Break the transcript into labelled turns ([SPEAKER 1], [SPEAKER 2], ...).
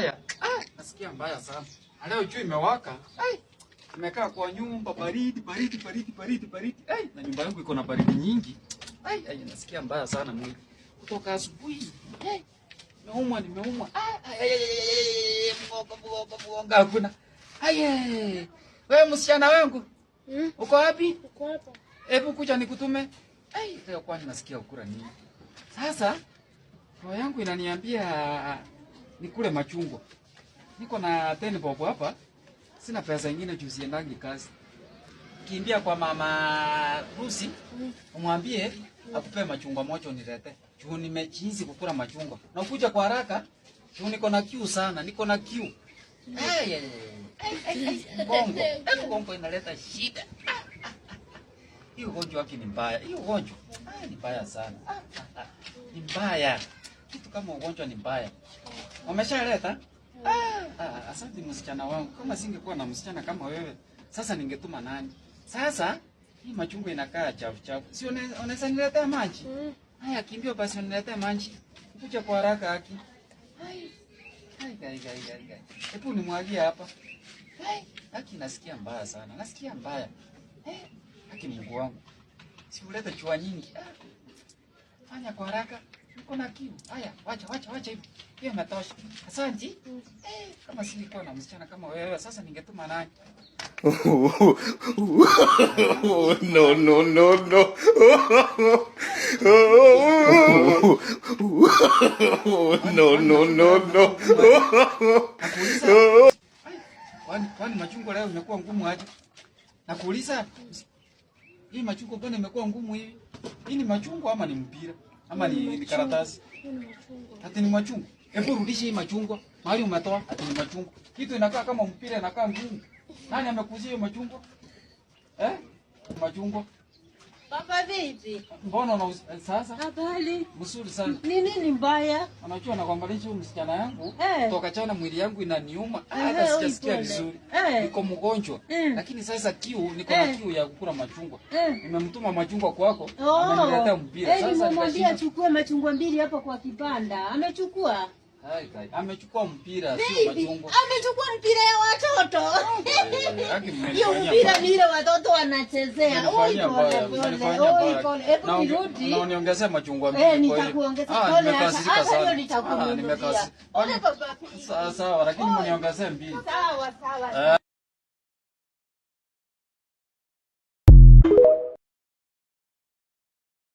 [SPEAKER 1] mbaya, Ah, nasikia mbaya sana. Leo jua imewaka, nimekaa kwa nyumba, baridi baridi baridi baridi baridi, na nyumba yangu iko na baridi nyingi. Ai, Nasikia mbaya sana mimi. kutoka asubuhi, naumwa, nimeumwa nimeumwa. Ai, ai, ai, mgongo, hakuna. Wewe msichana wangu Mm. uko wapi? Uko hapa. Hebu kuja nikutume. Leo kwani nasikia ukura nini? Sasa roho yangu inaniambia nikule machungwa. Niko na ten bob hapa, sina pesa nyingine juu siendangi kazi. Kimbia kwa mama Rusi, umwambie akupe machungwa mocho nilete, Juu nimechizi kukula machungwa. Na ukuja kwa haraka, juu niko na kiu sana, niko na kiu. Hey, Bongo, bongo inaleta shida. Hii ugonjwa wake ni mbaya. Hii ugonjwa ah, ni mbaya sana. Ah, ah, ni mbaya. Kitu kama ugonjwa ni mbaya. Wameshaleta? Ah, ah, asante msichana wangu. Kama singekuwa na msichana kama wewe, sasa ningetuma nani? Sasa hii machungwa inakaa chafu chafu. Si unaweza niletea maji? Mm. Haya, kimbio basi uniletea maji. Kuja kwa haraka haki. Hai. Hai, gari gari gari gari. Hebu nimwagie hapa. Hai, haki nasikia mbaya sana. Nasikia mbaya. Eh, haki Mungu wangu. Si ulete chua nyingi. Ah. Fanya kwa haraka. Uko makini. Haya, wacha wacha wacha hivi. Hiyo matosha. Asante. Mm. Eh, kama silikuwa na msichana kama wewe, sasa ningetuma nani? no no no no. no no no no. Kwani kwani machungwa leo imekuwa ngumu aje? Nakuuliza hii machungwa bwana imekuwa ngumu hivi? Hii ni machungwa ama ni mpira? ama ni, ni karatasi? Ati ni machungwa. Hebu rudishe hii machungwa. Mahali umetoa ati ni machungwa. Kitu inakaa kama mpira inakaa ngumu. Nani amekuzia hiyo machungwa? Eh? Machungwa. Baba vipi? Mbona una eh, sasa? Habari. Mzuri sana. Ni nini mbaya? Unajua na kwamba leo msichana yangu hey, eh. toka chana mwili yangu inaniuma hata hey, sijasikia vizuri. Hey. Eh. Niko mgonjwa. Hey. Lakini sasa kiu niko na kiu ya kukula machungwa. Hey. Nimemtuma machungwa kwako. Oh. Ameniletea mpira. Hey, sasa nimemwambia achukue machungwa mbili hapo kwa kibanda. Amechukua. Hai, hai. Amechukua mpira sio machungwa. Amechukua mpira ya watoto. Ah, Mpira vile watoto wanachezea. Niongezee machungwa eh, mbili. Nitakuongezea ah, pole. Hata hiyo ah, nitakununulia. Sawa, lakini mniongezee mbili. Sawa, sawa. Eh.